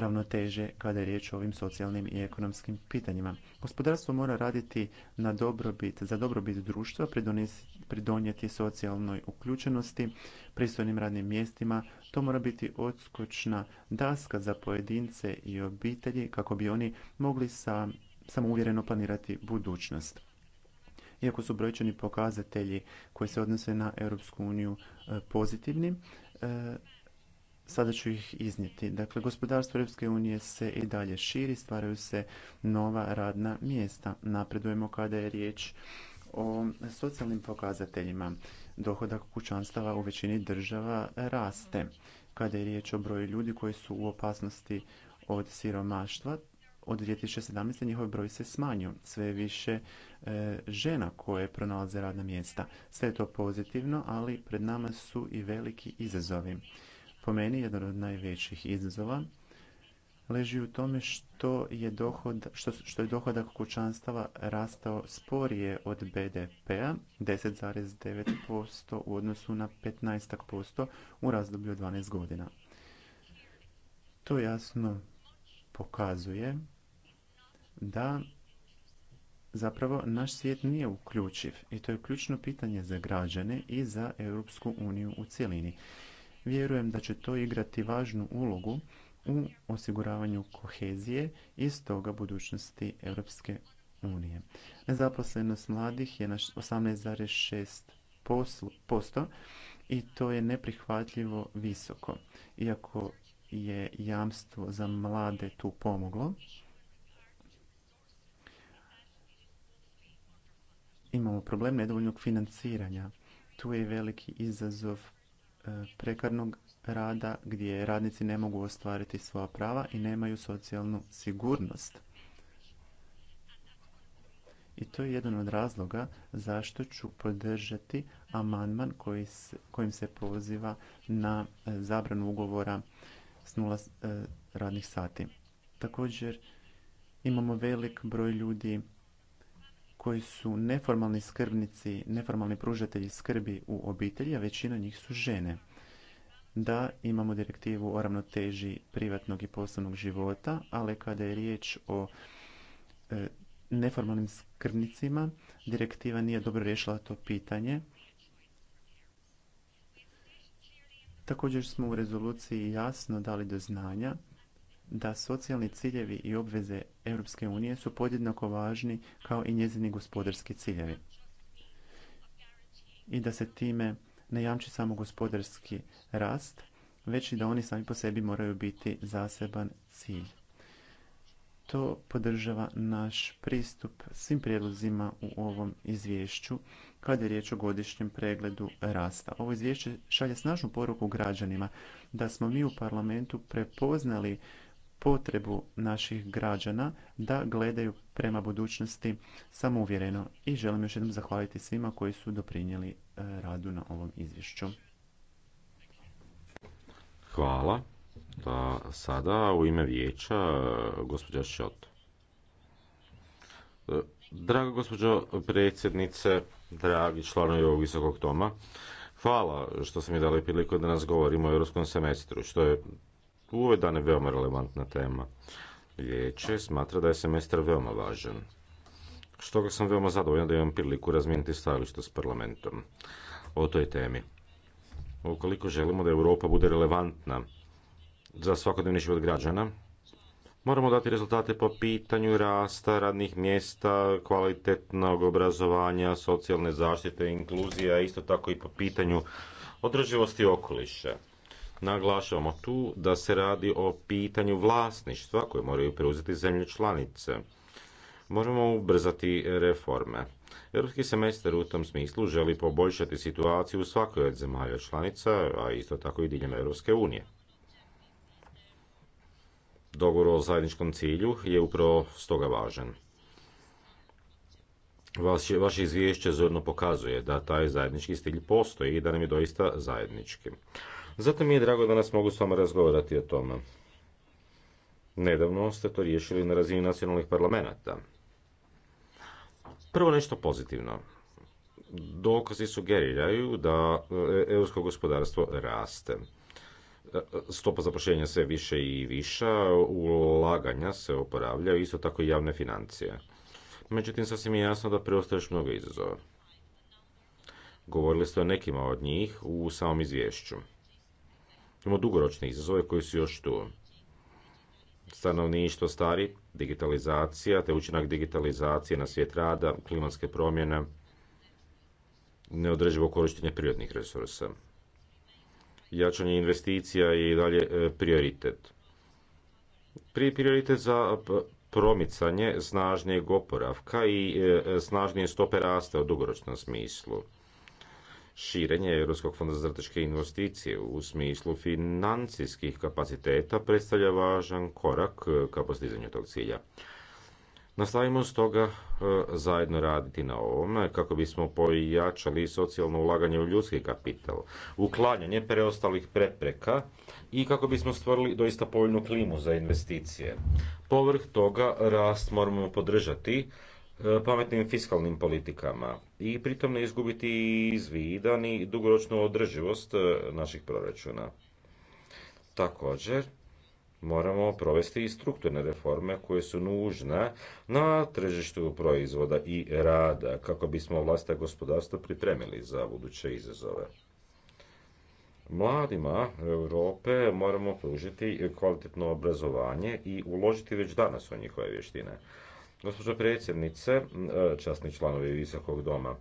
ravnoteže kada je riječ o ovim socijalnim i ekonomskim pitanjima. Gospodarstvo mora raditi na dobrobit, za dobrobit društva, pridonijeti socijalnoj uključenosti, pristojnim radnim mjestima. To mora biti odskočna daska za pojedince i obitelji kako bi oni mogli sa, samouvjereno planirati budućnost iako su brojčani pokazatelji koji se odnose na europsku uniju e, pozitivni e, sada ću ih iznijeti. Dakle, gospodarstvo Europske unije se i dalje širi, stvaraju se nova radna mjesta. Napredujemo kada je riječ o socijalnim pokazateljima. Dohodak kućanstava u većini država raste. Kada je riječ o broju ljudi koji su u opasnosti od siromaštva, od 2017. njihov broj se smanju. Sve više e, žena koje pronalaze radna mjesta. Sve je to pozitivno, ali pred nama su i veliki izazovi. Po meni jedan od najvećih izazova leži u tome što je, dohod, što, je dohodak kućanstava rastao sporije od BDP-a 10,9% u odnosu na 15% u razdoblju od 12 godina. To jasno pokazuje da zapravo naš svijet nije uključiv i to je ključno pitanje za građane i za Europsku uniju u cjelini vjerujem da će to igrati važnu ulogu u osiguravanju kohezije i stoga budućnosti europske unije. Nezaposlenost mladih je na 18,6% i to je neprihvatljivo visoko. Iako je jamstvo za mlade tu pomoglo, imamo problem nedovoljnog financiranja. Tu je veliki izazov E, prekarnog rada gdje radnici ne mogu ostvariti svoja prava i nemaju socijalnu sigurnost. I to je jedan od razloga zašto ću podržati amandman kojim se poziva na e, zabranu ugovora s nula e, radnih sati. Također imamo velik broj ljudi koji su neformalni skrbnici, neformalni pružatelji skrbi u obitelji, a većina njih su žene. Da, imamo direktivu o ravnoteži privatnog i poslovnog života, ali kada je riječ o e, neformalnim skrbnicima, direktiva nije dobro riješila to pitanje. Također smo u rezoluciji jasno dali do znanja da socijalni ciljevi i obveze europske unije su podjednako važni kao i njezini gospodarski ciljevi i da se time ne jamči samo gospodarski rast već i da oni sami po sebi moraju biti zaseban cilj to podržava naš pristup svim prijedlozima u ovom izvješću kad je riječ o godišnjem pregledu rasta. Ovo izvješće šalje snažnu poruku građanima da smo mi u parlamentu prepoznali potrebu naših građana da gledaju prema budućnosti samouvjereno i želim još jednom zahvaliti svima koji su doprinijeli e, radu na ovom izvješću. Hvala. Da, sada u ime vijeća e, gospođa Šot. E, draga gospođo predsjednice, dragi članovi ovog visokog toma, hvala što ste mi dali priliku da nas govorimo o europskom semestru, što je u dan je veoma relevantna tema. Vijeće smatra da je semestar veoma važan. Stoga sam veoma zadovoljan da imam priliku razmijeniti stajalište s parlamentom o toj temi. Ukoliko želimo da Europa bude relevantna za svakodnevni život građana, moramo dati rezultate po pitanju rasta radnih mjesta, kvalitetnog obrazovanja, socijalne zaštite, inkluzija, isto tako i po pitanju održivosti okoliša. Naglašavamo tu da se radi o pitanju vlasništva koje moraju preuzeti zemlje članice. Moramo ubrzati reforme. Europski semestar u tom smislu želi poboljšati situaciju u svakoj od zemalja članica, a isto tako i diljem Europske unije. Dogovor o zajedničkom cilju je upravo stoga važan. Vaše, vaše izvješće zorno pokazuje da taj zajednički stilj postoji i da nam je doista zajednički. Zato mi je drago da nas mogu s vama razgovarati o tome. Nedavno ste to riješili na razini nacionalnih parlamenta. Prvo nešto pozitivno. Dokazi sugeriraju da e, europsko gospodarstvo raste. E, stopa zapošljenja sve više i viša, ulaganja se oporavljaju, isto tako i javne financije. Međutim, sasvim je jasno da preostaje još mnogo izazova. Govorili ste o nekima od njih u samom izvješću. Imamo dugoročne izazove koji su još tu. Stanovništvo stari, digitalizacija, te učinak digitalizacije na svijet rada, klimatske promjene, neodrživo korištenje prirodnih resursa. Jačanje investicija je i dalje e, prioritet. Prije prioritet za e, promicanje snažnijeg oporavka i e, snažnije stope rasta u dugoročnom smislu. Širenje Europskog fonda za strateške investicije u smislu financijskih kapaciteta predstavlja važan korak ka postizanju tog cilja. Nastavimo stoga e, zajedno raditi na ovome kako bismo pojačali socijalno ulaganje u ljudski kapital, uklanjanje preostalih prepreka i kako bismo stvorili doista povoljnu klimu za investicije. Povrh toga rast moramo podržati E, pametnim fiskalnim politikama i pritom ne izgubiti iz vida ni dugoročnu održivost e, naših proračuna. Također, moramo provesti i strukturne reforme koje su nužne na tržištu proizvoda i rada kako bismo vlastite gospodarstvo pripremili za buduće izazove. Mladima Europe moramo pružiti kvalitetno obrazovanje i uložiti već danas u njihove vještine. Gospođo predsjednice, e, časni članovi Visokog doma,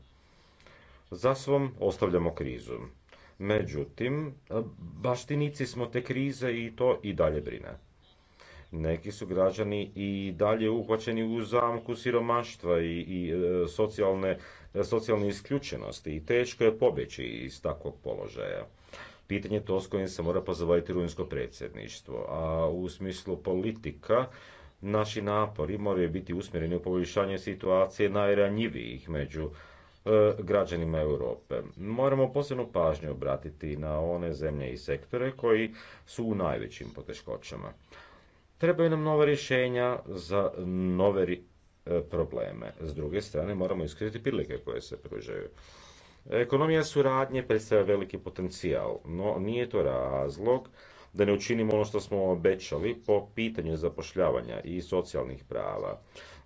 za svom ostavljamo krizu. Međutim, e, baštinici smo te krize i to i dalje brine. Neki su građani i dalje uhvaćeni u zamku siromaštva i, i e, socijalne, socijalne isključenosti i teško je pobjeći iz takvog položaja. Pitanje to s kojim se mora pozvati ruinsko predsjedništvo, a u smislu politika Naši napori moraju biti usmjereni u poboljšanje situacije najranjivijih među e, građanima Europe. Moramo posebnu pažnju obratiti na one zemlje i sektore koji su u najvećim poteškoćama. Trebaju nam nova rješenja za nove e, probleme. S druge strane, moramo iskriti prilike koje se pružaju. Ekonomija suradnje predstavlja veliki potencijal, no nije to razlog da ne učinimo ono što smo obećali po pitanju zapošljavanja i socijalnih prava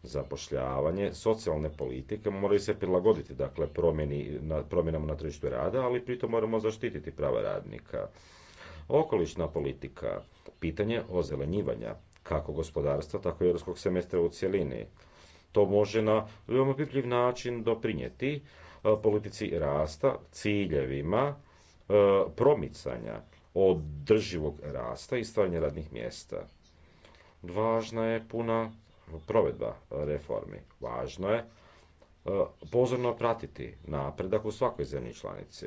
zapošljavanje, socijalne politike moraju se prilagoditi dakle promjeni, na, promjenama na tržištu rada, ali pritom moramo zaštititi prava radnika. Okolišna politika, pitanje ozelenjivanja, kako gospodarstva, tako i europskog semestra u cjelini. To može na veoma pitljiv način doprinijeti politici rasta, ciljevima, promicanja održivog rasta i stvaranja radnih mjesta. Važna je puna provedba reformi. Važno je e, pozorno pratiti napredak u svakoj zemlji članici.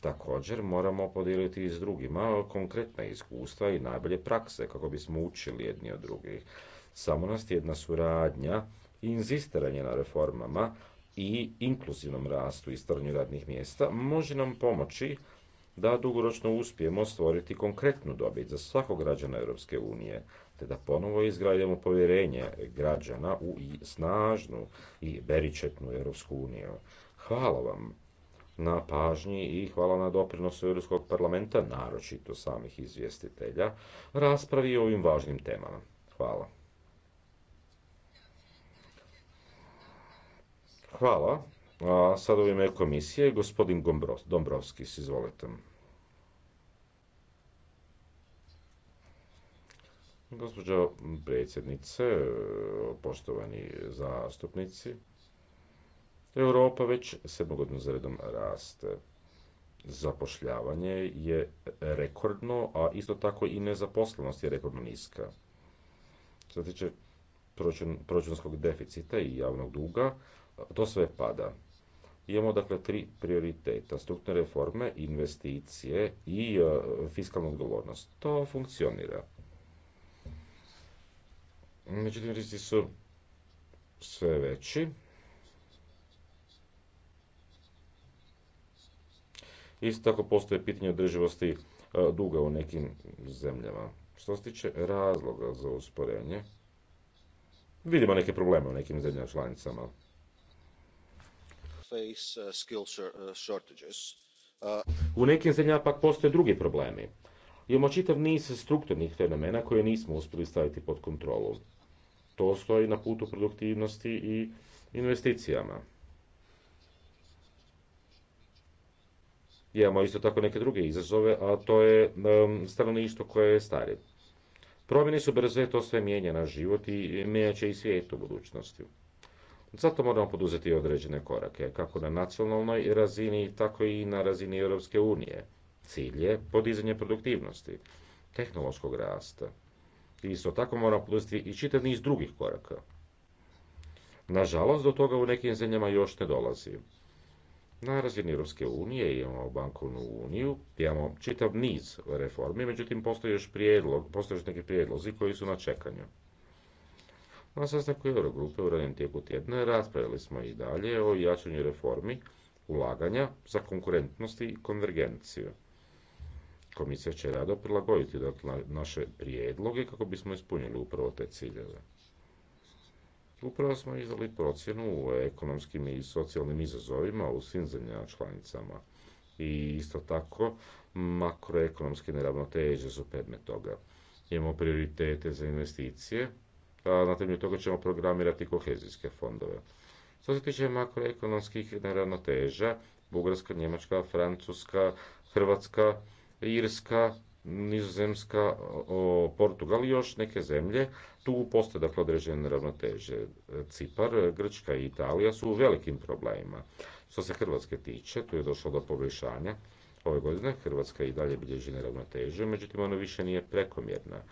Također moramo podijeliti s drugima konkretna iskustva i najbolje prakse kako bismo učili jedni od drugih. Samo nas jedna suradnja i inzistiranje na reformama i inkluzivnom rastu i stvaranju radnih mjesta može nam pomoći da dugoročno uspijemo stvoriti konkretnu dobit za svakog građana Europske unije, te da ponovo izgradimo povjerenje građana u snažnu i beričetnu Europsku uniju. Hvala vam na pažnji i hvala na doprinosu Europskog parlamenta, naročito samih izvjestitelja, raspravi o ovim važnim temama. Hvala. Hvala. A sad u ime komisije, gospodin Dombrovskis, izvolite. Gospođo predsjednice, poštovani zastupnici, Europa već sedmogodno za redom raste. Zapošljavanje je rekordno, a isto tako i nezaposlenost je rekordno niska. Što se tiče proračunskog deficita i javnog duga, to sve pada. Imamo dakle tri prioriteta, strukturne reforme, investicije i e, fiskalnu odgovornost. To funkcionira. Međutim, rizici su sve veći. Isto tako postoje pitanje održivosti e, duga u nekim zemljama. Što se tiče razloga za usporenje, vidimo neke probleme u nekim zemljama članicama. Uh, uh, uh, u nekim zemljama pak postoje drugi problemi. Imamo čitav niz strukturnih fenomena koje nismo uspjeli staviti pod kontrolu to stoji na putu produktivnosti i investicijama. Imamo isto tako neke druge izazove, a to je stanovništvo koje je stari. Promjene su brze, to sve mijenja na život i mijenja će i svijet u budućnosti. Zato moramo poduzeti određene korake, kako na nacionalnoj razini, tako i na razini Europske unije. Cilj je podizanje produktivnosti, tehnološkog rasta, isto tako mora poduzeti i čitav niz drugih koraka. Nažalost, do toga u nekim zemljama još ne dolazi. Na razini Europske unije imamo bankovnu uniju, imamo čitav niz reformi, međutim postoji još, prijedlog, postoje još neki prijedlozi koji su na čekanju. Na sastanku Eurogrupe u ranijem tijeku tjedna raspravili smo i dalje o jačanju reformi, ulaganja za konkurentnost i konvergenciju komisija će rado prilagoditi dakle, naše prijedloge kako bismo ispunili upravo te ciljeve. Upravo smo izdali procjenu u ekonomskim i socijalnim izazovima u svim zemljama članicama. I isto tako, makroekonomske neravnoteže su predmet toga. Imamo prioritete za investicije, a na temelju toga ćemo programirati kohezijske fondove. Što se tiče makroekonomskih neravnoteža, Bugarska, Njemačka, Francuska, Hrvatska, Irska, Nizozemska, Portugal i još neke zemlje. Tu postoje dakle određene ravnoteže. Cipar, Grčka i Italija su u velikim problemima. Što se Hrvatske tiče, tu je došlo do poboljšanja. Ove godine Hrvatska i dalje bilježi neravnoteže, međutim ona više nije prekomjerna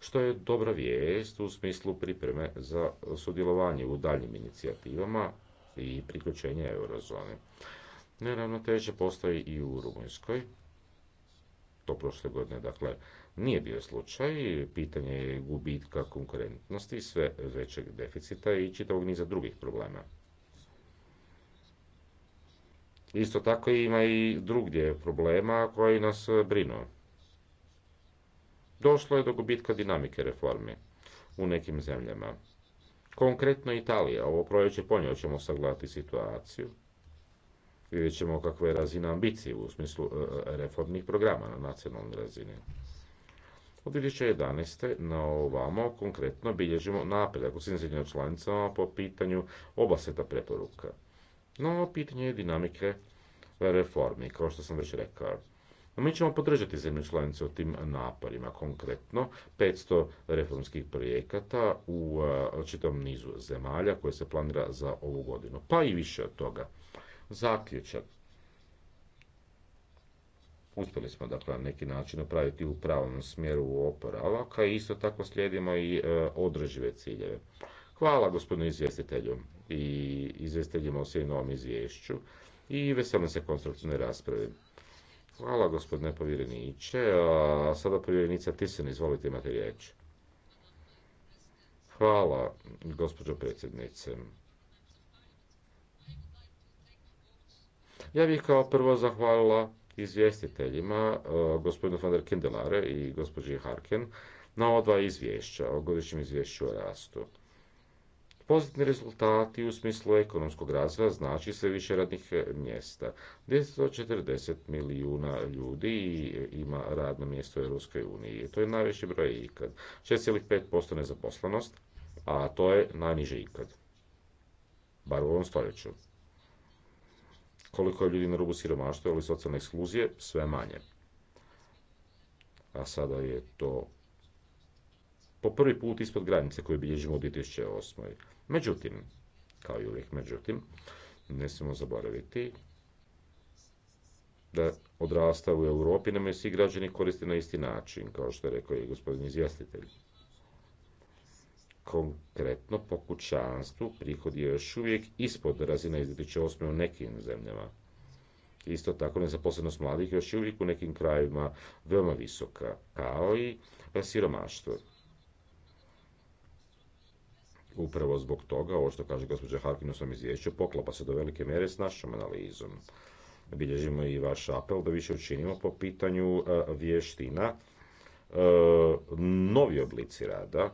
što je dobra vijest u smislu pripreme za sudjelovanje u daljim inicijativama i priključenje eurozone. Neravnoteže postoji i u Rumunjskoj, to prošle godine. Dakle, nije bio slučaj, pitanje je gubitka konkurentnosti, sve većeg deficita i čitavog niza drugih problema. Isto tako ima i drugdje problema koji nas brinu. Došlo je do gubitka dinamike reformi u nekim zemljama. Konkretno Italija, ovo projeće ponio ćemo sagledati situaciju. Vidjet ćemo kakva je razina ambicije u smislu e, e, reformnih programa na nacionalnoj razini. Od 2011. na ovamo konkretno bilježimo napredak u svim članicama po pitanju oba seta preporuka. No, pitanje je dinamike reformi, kao što sam već rekao. No, mi ćemo podržati zemlje članice u tim naporima, konkretno 500 reformskih projekata u e, čitom nizu zemalja koje se planira za ovu godinu, pa i više od toga zaključak. Uspjeli smo dakle na neki način napraviti u pravom smjeru u oporavak, a isto tako slijedimo i e, održive ciljeve. Hvala gospodinu izvjestitelju i izvjestiteljima o svim novom izvješću i veselim se konstruktivnoj raspravi. Hvala gospodine povjereniče. A sada povjerenica Tisen, izvolite imate riječ. Hvala gospođo predsjednice. Ja bih kao prvo zahvalila izvjestiteljima, e, gospodinu van der Kindelare i gospođi Harken, na ova dva izvješća o godišnjem izvješću o rastu. Pozitivni rezultati u smislu ekonomskog razvoja znači sve više radnih e, mjesta. 240 milijuna ljudi e, ima radno mjesto u Europskoj uniji. To je najveći broj ikad. 6,5% nezaposlenost, a to je najniže ikad. Bar u ovom stoljeću koliko je ljudi na rubu siromaštva ili socijalne ekskluzije, sve manje. A sada je to po prvi put ispod granice koju bilježimo u 2008. Međutim, kao i uvijek međutim, ne smijemo zaboraviti da odrasta u Europi nam je svi građani koriste na isti način, kao što je rekao i gospodin izvjestitelj. Konkretno po kućanstvu prihod je još uvijek ispod razine iz 2008. u nekim zemljama. Isto tako nezaposlenost mladih je još uvijek u nekim krajevima veoma visoka, kao i siromaštvo. Upravo zbog toga, ovo što kaže gospođa Harkin u svom izvješću, poklapa se do velike mere s našom analizom. Bilježimo i vaš apel da više učinimo po pitanju e, vještina, e, novi oblici rada,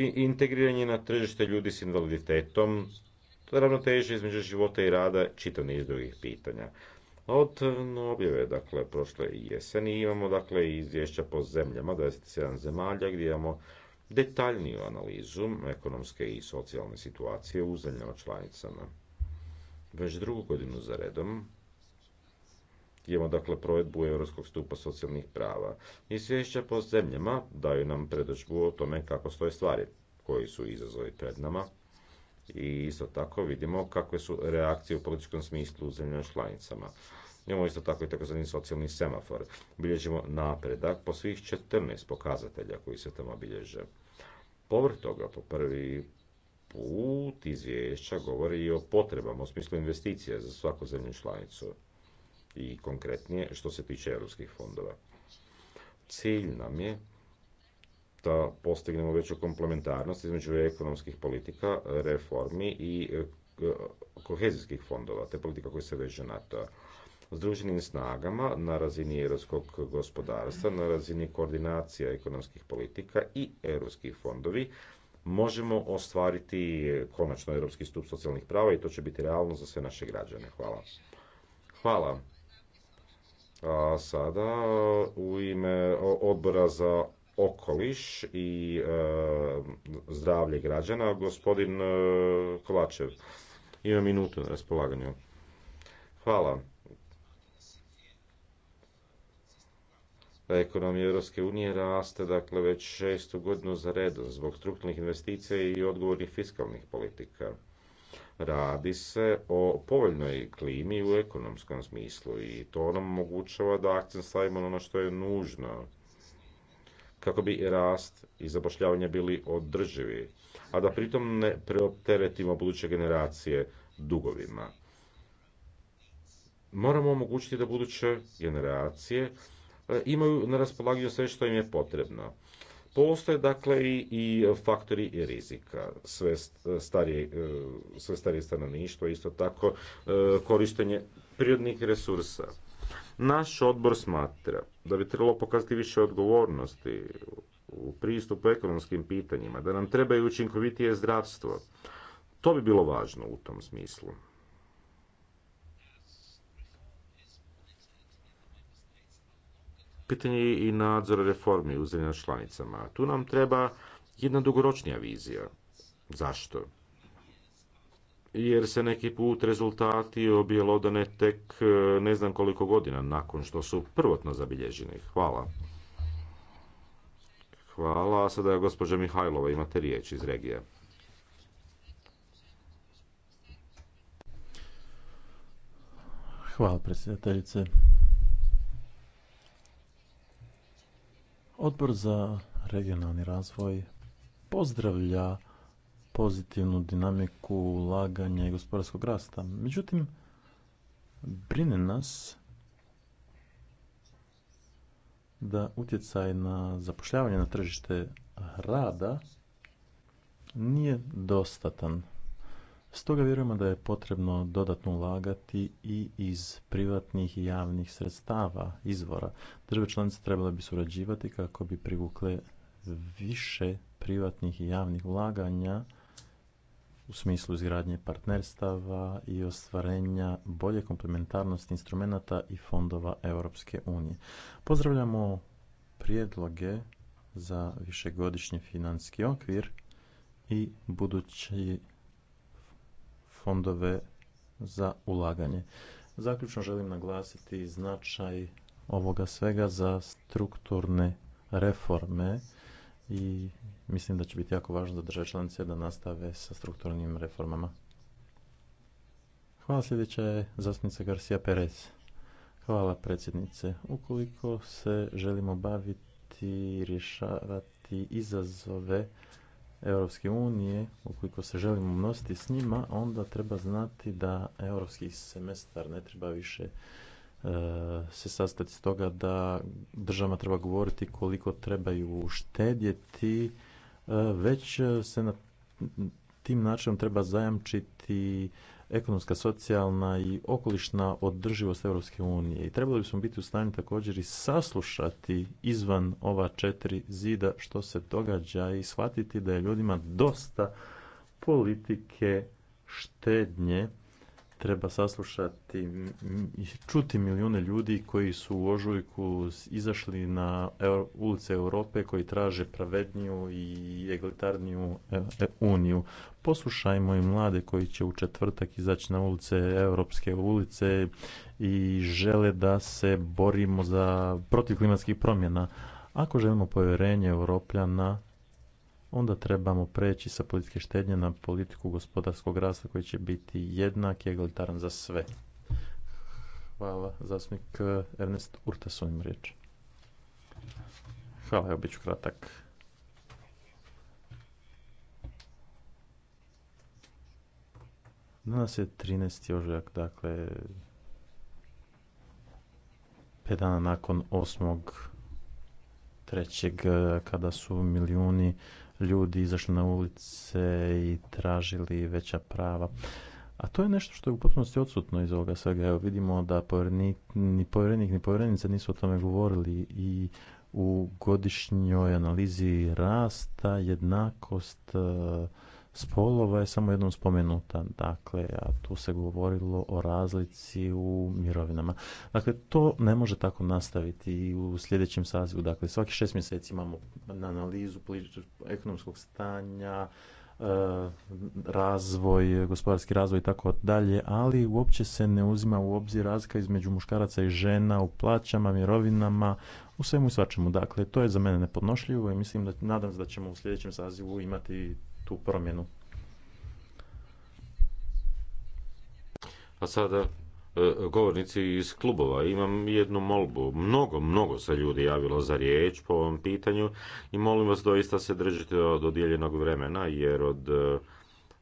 integriranje na tržište ljudi s invaliditetom, ravnoteže između života i rada, čitav niz drugih pitanja. Od objave, dakle, prošle jeseni imamo, dakle, izvješća po zemljama, 27 zemalja, gdje imamo detaljniju analizu ekonomske i socijalne situacije u zemljama članicama. Već drugu godinu za redom imamo dakle provedbu europskog stupa socijalnih prava. Izvješća po zemljama daju nam predočbu o tome kako stoje stvari, koji su izazovi pred nama i isto tako vidimo kakve su reakcije u političkom smislu u zemljama članicama. Imamo isto tako i takozvani socijalni semafor. Bilježimo napredak po svih 14 pokazatelja koji se tamo bilježe. Povrh toga, po prvi put izvješća govori i o potrebama u smislu investicija za svaku zemlju članicu i konkretnije što se tiče europskih fondova. Cilj nam je da postignemo veću komplementarnost između ekonomskih politika, reformi i e, kohezijskih fondova, te politika koje se veže na to. Združenim snagama na razini europskog gospodarstva, na razini koordinacija ekonomskih politika i europskih fondovi možemo ostvariti konačno europski stup socijalnih prava i to će biti realno za sve naše građane. Hvala. Hvala. A sada u ime odbora za okoliš i e, zdravlje građana, gospodin e, Kovačev. Ima minutu na raspolaganju. Hvala. Ekonomija Europske unije raste dakle već šestu godinu za redom zbog strukturnih investicija i odgovornih fiskalnih politika. Radi se o povoljnoj klimi u ekonomskom smislu i to nam omogućava da akcent stavimo na ono što je nužno kako bi rast i zapošljavanje bili održivi, a da pritom ne preopteretimo buduće generacije dugovima. Moramo omogućiti da buduće generacije e, imaju na raspolaganju sve što im je potrebno. Postoje dakle i, i faktori i rizika. Sve starije, e, sve starije stanovništvo, isto tako e, korištenje prirodnih resursa. Naš odbor smatra da bi trebalo pokazati više odgovornosti u pristupu ekonomskim pitanjima, da nam treba i učinkovitije zdravstvo. To bi bilo važno u tom smislu. i nadzor reformi u zemljama članicama. Tu nam treba jedna dugoročnija vizija. Zašto? jer se neki put rezultati objelodane tek e, ne znam koliko godina nakon što su prvotno zabilježeni. Hvala. Hvala. A sada je gospođa Mihajlova, imate riječ iz regije. Hvala predsjedateljice. Odbor za regionalni razvoj pozdravlja pozitivnu dinamiku ulaganja i gospodarskog rasta. Međutim, brine nas da utjecaj na zapošljavanje na tržište rada nije dostatan Stoga vjerujemo da je potrebno dodatno ulagati i iz privatnih i javnih sredstava, izvora. Države članice trebale bi surađivati kako bi privukle više privatnih i javnih ulaganja u smislu izgradnje partnerstava i ostvarenja bolje komplementarnosti instrumenata i fondova Europske unije. Pozdravljamo prijedloge za višegodišnji financijski okvir i budući fondove za ulaganje. Zaključno želim naglasiti značaj ovoga svega za strukturne reforme i mislim da će biti jako važno za države članice da nastave sa strukturnim reformama. Hvala sljedeća je zastupnica Garcia Perez. Hvala predsjednice. Ukoliko se želimo baviti i rješavati izazove Europske unije, ukoliko se želimo nositi s njima, onda treba znati da europski semestar ne treba više e, se sastati s toga da država treba govoriti koliko trebaju štedjeti, e, već se na tim načinom treba zajamčiti ekonomska, socijalna i okolišna održivost Europske unije. I trebali bismo biti u stanju također i saslušati izvan ova četiri zida što se događa i shvatiti da je ljudima dosta politike štednje treba saslušati i čuti milijune ljudi koji su u ožujku izašli na ulice Europe koji traže pravedniju i egalitarniju e, e, uniju. Poslušajmo i mlade koji će u četvrtak izaći na ulice Europske ulice i žele da se borimo za protiv klimatskih promjena. Ako želimo povjerenje Europljana onda trebamo preći sa politike štednje na politiku gospodarskog rasta koji će biti jednak i egalitaran za sve. Hvala. Zastupnik eh, Ernest Urta s ovim riječ. Hvala, evo bit ću kratak. Danas je 13. ožujak, dakle, 5 dana nakon 8. trećeg, eh, kada su milijuni ljudi izašli na ulice i tražili veća prava. A to je nešto što je u potpunosti odsutno iz ovoga svega. Evo vidimo da ni povjerenik ni povjerenica nisu o tome govorili i u godišnjoj analizi rasta, jednakost, eh, spolova je samo jednom spomenuta, dakle, a tu se govorilo o razlici u mirovinama. Dakle, to ne može tako nastaviti i u sljedećem sazivu. Dakle, svaki šest mjeseci imamo analizu ekonomskog stanja, e, razvoj, gospodarski razvoj i tako dalje, ali uopće se ne uzima u obzir razlika između muškaraca i žena u plaćama, mirovinama, u svemu i svačemu. Dakle, to je za mene nepodnošljivo i mislim da, nadam se da ćemo u sljedećem sazivu imati tu promjenu. A sada e, govornici iz klubova. Imam jednu molbu. Mnogo, mnogo se ljudi javilo za riječ po ovom pitanju i molim vas doista se držite od odjeljenog vremena jer od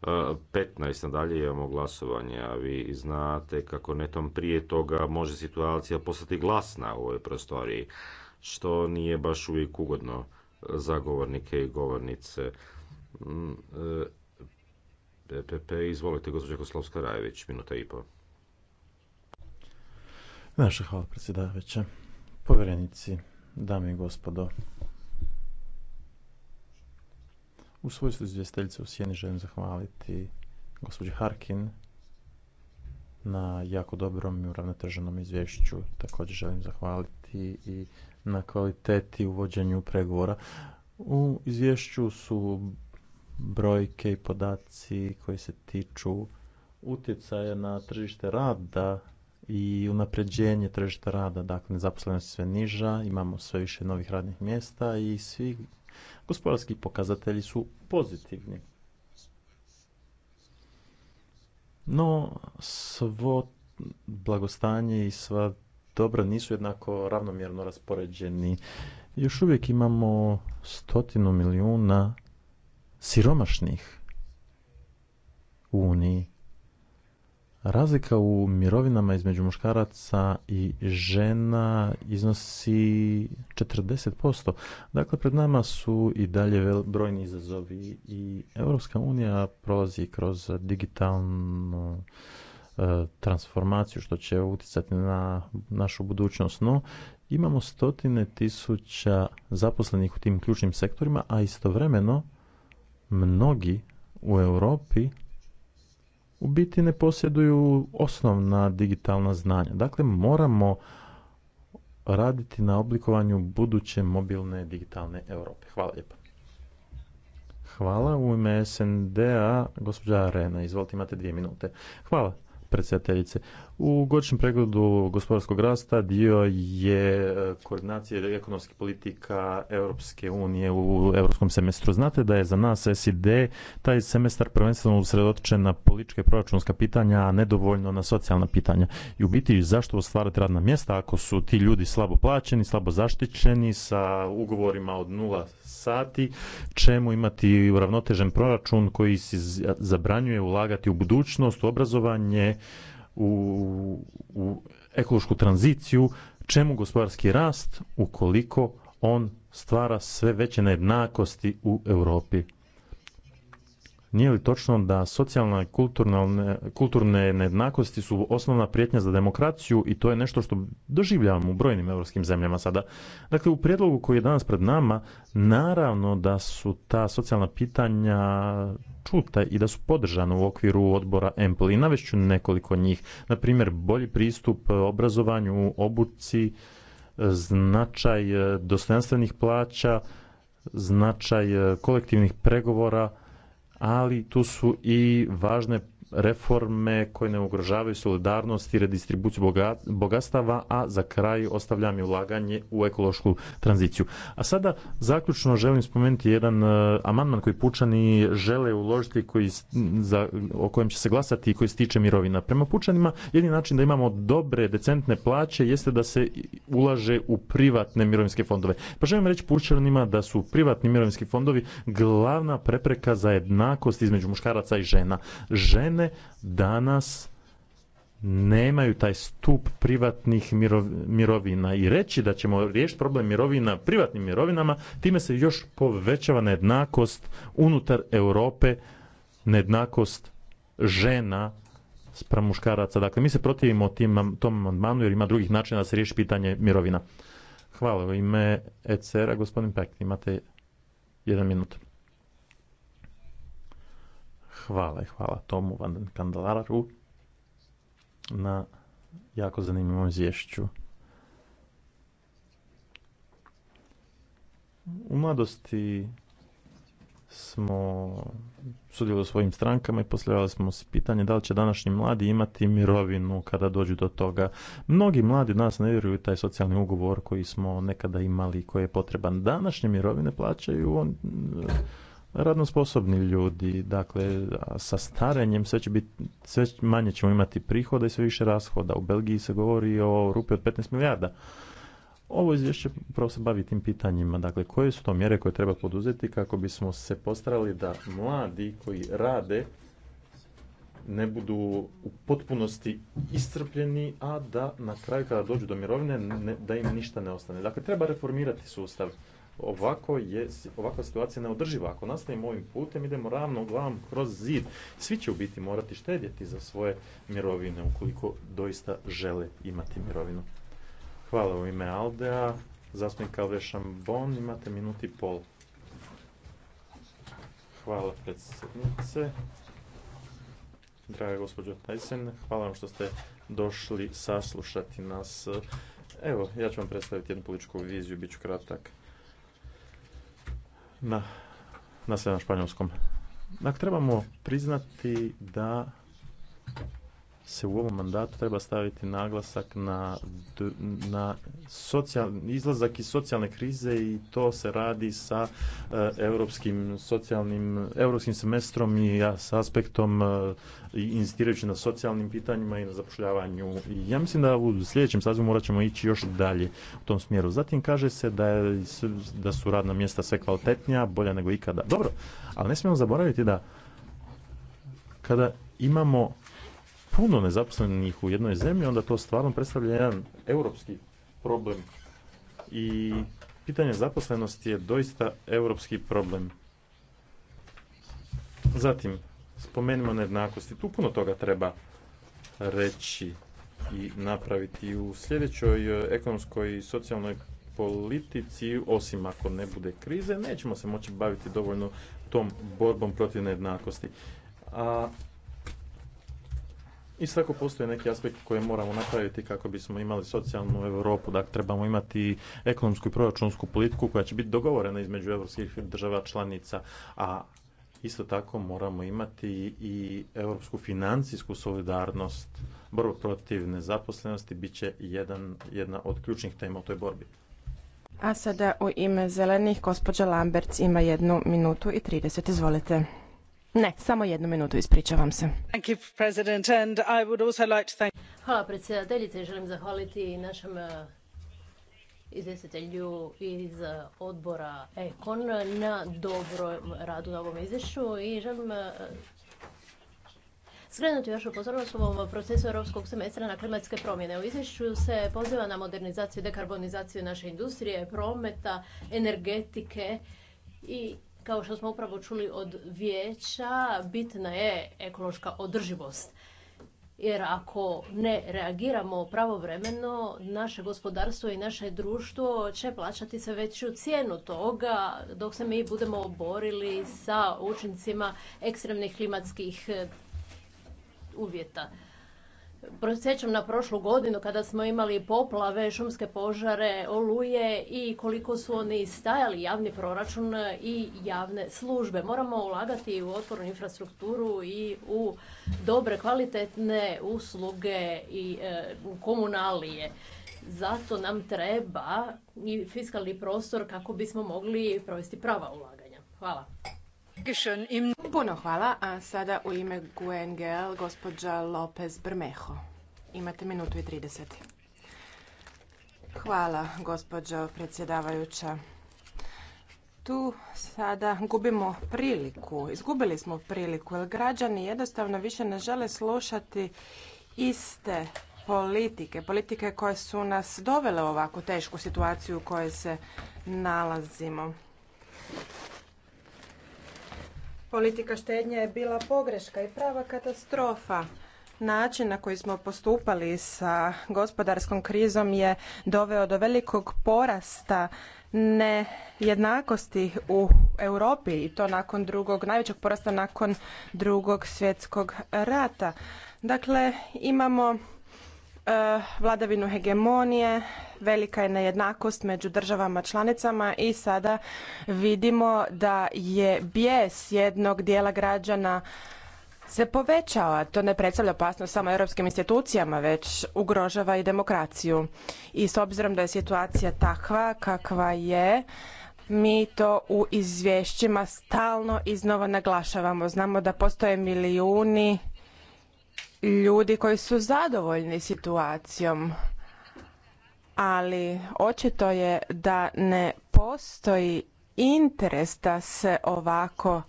15 e, nadalje imamo glasovanje, a vi znate kako netom prije toga može situacija postati glasna u ovoj prostoriji, što nije baš uvijek ugodno za govornike i govornice. PPP, mm, e, izvolite, gospođa Koslovska Rajević, minuta i po. Naša hvala predsjedavajuća. Povjerenici, dame i gospodo, u svojstvu izvjestiteljice u Sjeni želim zahvaliti gospođi Harkin na jako dobrom i uravnoteženom izvješću. Također želim zahvaliti i na kvaliteti uvođenju pregovora. U izvješću su brojke i podaci koji se tiču utjecaja na tržište rada i unapređenje tržišta rada. Dakle, nezaposlenost je sve niža, imamo sve više novih radnih mjesta i svi gospodarski pokazatelji su pozitivni. No, svo blagostanje i sva dobra nisu jednako ravnomjerno raspoređeni. Još uvijek imamo stotinu milijuna siromašnih u Uniji. Razlika u mirovinama između muškaraca i žena iznosi 40%. Dakle, pred nama su i dalje brojni izazovi i Europska unija prolazi kroz digitalnu e, transformaciju što će utjecati na našu budućnost. No, imamo stotine tisuća zaposlenih u tim ključnim sektorima, a istovremeno mnogi u Europi u biti ne posjeduju osnovna digitalna znanja. Dakle, moramo raditi na oblikovanju buduće mobilne digitalne Europe. Hvala lijepa. Hvala. U ime SND-a, gospođa Arena, izvolite, imate dvije minute. Hvala, predsjedateljice. U godišnjem pregledu gospodarskog rasta dio je e, koordinacije ekonomskih politika Europske unije u europskom semestru. Znate da je za nas SID taj semestar prvenstveno usredotočen na političke proračunska pitanja, a nedovoljno na socijalna pitanja. I u biti zašto ostvarati radna mjesta ako su ti ljudi slabo plaćeni, slabo zaštićeni sa ugovorima od nula sati, čemu imati uravnotežen proračun koji se zabranjuje ulagati u budućnost, u obrazovanje, u, ekološku tranziciju, čemu gospodarski rast ukoliko on stvara sve veće nejednakosti u Europi. Nije li točno da socijalne i kulturne nejednakosti su osnovna prijetnja za demokraciju i to je nešto što doživljavamo u brojnim europskim zemljama sada? Dakle, u prijedlogu koji je danas pred nama, naravno da su ta socijalna pitanja čuta i da su podržana u okviru odbora EMPL i navešću nekoliko njih. Na primjer, bolji pristup obrazovanju, obuci, značaj dostojanstvenih plaća, značaj kolektivnih pregovora, ali tu su i važne reforme koje ne ugrožavaju solidarnost i redistribuciju bogatstava, a za kraj ostavljam i ulaganje u ekološku tranziciju. A sada zaključno želim spomenuti jedan e, amandman koji pučani žele uložiti koji za, o kojem će se glasati i koji se tiče mirovina. Prema pučanima jedini način da imamo dobre, decentne plaće jeste da se ulaže u privatne mirovinske fondove. Pa želim reći pučanima da su privatni mirovinski fondovi glavna prepreka za jednakost između muškaraca i žena. Žene danas nemaju taj stup privatnih mirovina i reći da ćemo riješiti problem mirovina privatnim mirovinama, time se još povećava nejednakost unutar Europe, nejednakost žena spram muškaraca. Dakle, mi se protivimo tim, tom amandmanu jer ima drugih načina da se riješi pitanje mirovina. Hvala. U ime ECR-a, gospodin Pekt, imate jedan minut. Hvala i hvala Tomu Van na jako zanimljivom izvješću. U mladosti smo sudjeli u svojim strankama i postavljali smo se pitanje da li će današnji mladi imati mirovinu kada dođu do toga. Mnogi mladi nas ne vjeruju taj socijalni ugovor koji smo nekada imali i koji je potreban. Današnje mirovine plaćaju on, radno sposobni ljudi. Dakle, sa starenjem sve, će biti, sve manje ćemo imati prihoda i sve više rashoda. U Belgiji se govori o rupi od 15 milijarda. Ovo izvješće upravo se bavi tim pitanjima. Dakle, koje su to mjere koje treba poduzeti kako bismo se postarali da mladi koji rade ne budu u potpunosti iscrpljeni, a da na kraju kada dođu do mirovine ne, da im ništa ne ostane. Dakle, treba reformirati sustav. Ovako je, ovakva situacija neodrživa. Ako nastavimo ovim putem, idemo ravno glavom kroz zid. Svi će u biti morati štedjeti za svoje mirovine, ukoliko doista žele imati mirovinu. Hvala u ime Aldea. Zastupnik Alve Šambon, imate minuti pol. Hvala predsjednice. Draga gospođo Tyson, hvala vam što ste došli saslušati nas. Evo, ja ću vam predstaviti jednu političku viziju, bit ću kratak na, na Španjolskom. Dakle, trebamo priznati da se u ovom mandatu treba staviti naglasak na, na socijal, izlazak iz socijalne krize i to se radi sa europskim eh, socijalnim, europskim semestrom i ja, s aspektom e, inzistirajući na socijalnim pitanjima i na zapošljavanju. I ja mislim da u sljedećem sazivu morat ćemo ići još dalje u tom smjeru. Zatim kaže se da, da su radna mjesta sve kvalitetnija, bolja nego ikada. Dobro, ali ne smijemo zaboraviti da kada imamo puno nezaposlenih u jednoj zemlji, onda to stvarno predstavlja jedan europski problem. I pitanje zaposlenosti je doista europski problem. Zatim, spomenimo nejednakosti. Tu puno toga treba reći i napraviti. U sljedećoj e, ekonomskoj i socijalnoj politici, osim ako ne bude krize, nećemo se moći baviti dovoljno tom borbom protiv nejednakosti. A i tako postoje neki aspekt koje moramo napraviti kako bismo imali socijalnu Europu, dakle trebamo imati ekonomsku i proračunsku politiku koja će biti dogovorena između europskih država članica, a isto tako moramo imati i europsku financijsku solidarnost. Borba protiv nezaposlenosti bit će jedan, jedna od ključnih tema u toj borbi. A sada u ime zelenih gospođa Lamberts ima jednu minutu i 30. Izvolite. Ne, samo jednu minutu, ispričavam se. Hvala predsjedateljice, želim zahvaliti našem eh, izvjestitelju iz odbora Econ na dobrom radu na ovom izvješću i želim eh, skrenuti vašu pozornost u ovom procesu europskog semestra na klimatske promjene. U izvješću se poziva na modernizaciju i dekarbonizaciju naše industrije, prometa, energetike i kao što smo upravo čuli od vijeća, bitna je ekološka održivost. Jer ako ne reagiramo pravovremeno, naše gospodarstvo i naše društvo će plaćati sve veću cijenu toga dok se mi budemo borili sa učincima ekstremnih klimatskih uvjeta. Prosjećam na prošlu godinu kada smo imali poplave, šumske požare, oluje i koliko su oni stajali javni proračun i javne službe. Moramo ulagati u otvornu infrastrukturu i u dobre kvalitetne usluge i u e, komunalije. Zato nam treba i fiskalni prostor kako bismo mogli provesti prava ulaganja. Hvala. Puno hvala, a sada u ime GUNGL gospođa Lopez Brmeho. Imate minutu i 30. Hvala, gospođo predsjedavajuća. Tu sada gubimo priliku, izgubili smo priliku, jer građani jednostavno više ne žele slušati iste politike, politike koje su nas dovele u ovakvu tešku situaciju u kojoj se nalazimo politika štednje je bila pogreška i prava katastrofa način na koji smo postupali sa gospodarskom krizom je doveo do velikog porasta nejednakosti u Europi i to nakon drugog najvećeg porasta nakon drugog svjetskog rata. Dakle, imamo E, vladavinu hegemonije, velika je nejednakost među državama članicama i sada vidimo da je bijes jednog dijela građana se povećava. To ne predstavlja opasnost samo europskim institucijama, već ugrožava i demokraciju. I s obzirom da je situacija takva kakva je, mi to u izvješćima stalno iznova naglašavamo. Znamo da postoje milijuni ljudi koji su zadovoljni situacijom, ali očito je da ne postoji interes da se ovako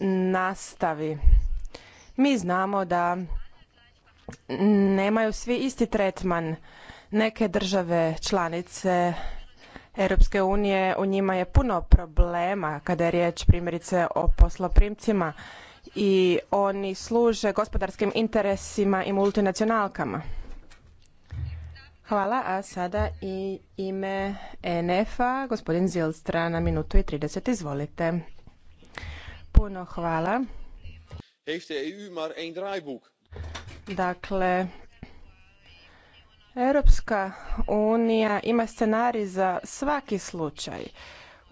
nastavi. Mi znamo da nemaju svi isti tretman. Neke države članice Europske unije u njima je puno problema kada je riječ primjerice o posloprimcima i oni služe gospodarskim interesima i multinacionalkama. Hvala, a sada i ime NF-a, gospodin Zilstra na minutu i 30, izvolite. Puno hvala. Heeft de EU maar één draaiboek? Dakle, Europska unija ima scenarij za svaki slučaj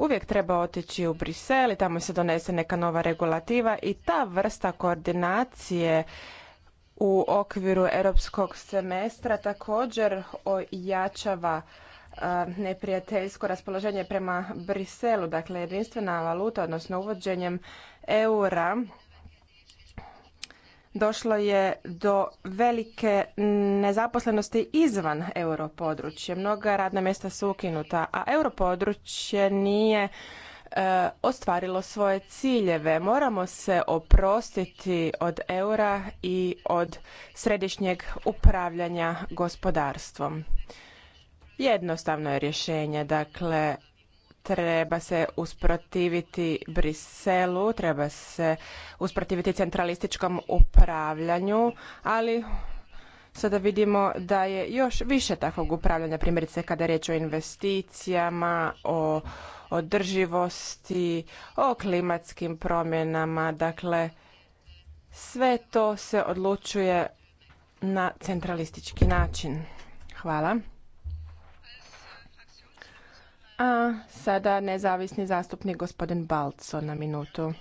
uvijek treba otići u Brisel i tamo se donese neka nova regulativa i ta vrsta koordinacije u okviru europskog semestra također ojačava neprijateljsko raspoloženje prema Briselu, dakle jedinstvena valuta, odnosno uvođenjem eura došlo je do velike nezaposlenosti izvan europodručja. Mnoga radna mjesta su ukinuta, a europodručje nije e, ostvarilo svoje ciljeve. Moramo se oprostiti od eura i od središnjeg upravljanja gospodarstvom. Jednostavno je rješenje, dakle treba se usprotiviti Briselu, treba se usprotiviti centralističkom upravljanju, ali sada vidimo da je još više takvog upravljanja, primjerice kada je riječ o investicijama, o održivosti, o klimatskim promjenama, dakle sve to se odlučuje na centralistički način. Hvala. A sada nezavisni zastupnik gospodin Balco na minutu.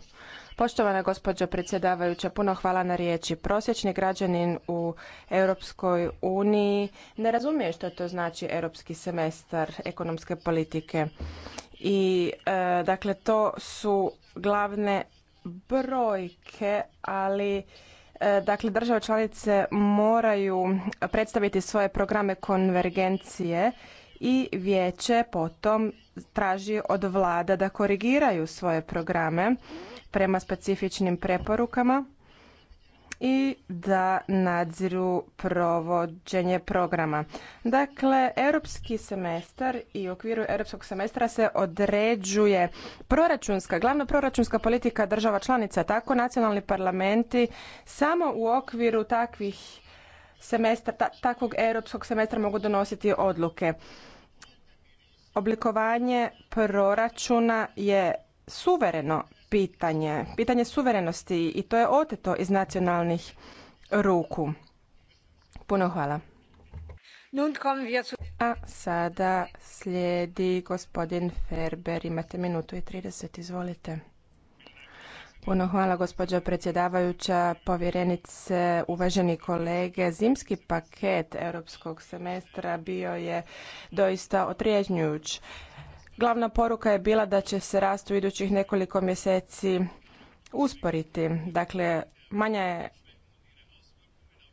Poštovana gospođo predsjedavajuća, puno hvala na riječi. Prosječni građanin u Europskoj uniji ne razumije što to znači europski semestar ekonomske politike. I e, dakle to su glavne brojke, ali e, dakle države članice moraju predstaviti svoje programe konvergencije i vijeće potom traži od vlada da korigiraju svoje programe prema specifičnim preporukama i da nadziru provođenje programa. Dakle, europski semestar i u okviru europskog semestra se određuje proračunska, glavna proračunska politika država članica, tako nacionalni parlamenti samo u okviru takvih semestra, takvog europskog semestra mogu donositi odluke oblikovanje proračuna je suvereno pitanje, pitanje suverenosti i to je oteto iz nacionalnih ruku. Puno hvala. A sada slijedi gospodin Ferber. Imate minutu i 30, izvolite. Puno hvala gospođo predsjedavajuća, povjerenice, uvaženi kolege. Zimski paket europskog semestra bio je doista otriježnjujuć. Glavna poruka je bila da će se rast u idućih nekoliko mjeseci usporiti. Dakle, manja je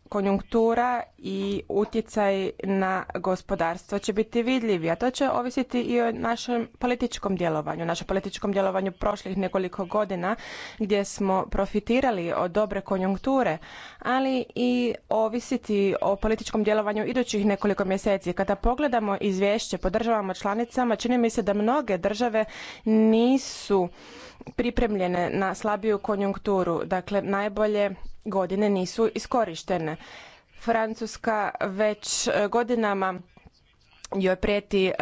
konjunktura i utjecaj na gospodarstvo će biti vidljivi, a to će ovisiti i o našem političkom djelovanju, našem političkom djelovanju prošlih nekoliko godina gdje smo profitirali od dobre konjunkture, ali i ovisiti o političkom djelovanju idućih nekoliko mjeseci. Kada pogledamo izvješće po državama članicama, čini mi se da mnoge države nisu pripremljene na slabiju konjunkturu. Dakle, najbolje godine nisu iskorištene. Francuska već e, godinama joj prijeti e,